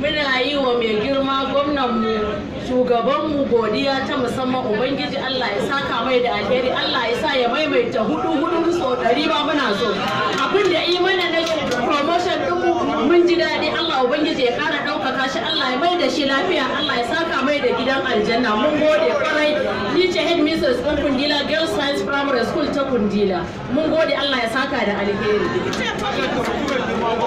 muna yi wa mai girma gwamnanmu shugabanmu godiya ta musamman ubangiji allah ya saka mai da alheri allah ya sa ya maimaita hudu hudu so ɗari ba muna so abin da yi mana na promotion duku mun ji daɗi allah ubangiji ya kara ɗaukaka shi allah ya mai da shi lafiya allah ya saka mai da gidan aljanna mun gode kwarai ni ce head mrs ɗin kundila girls science primary school ta kundila mun gode allah ya saka da alheri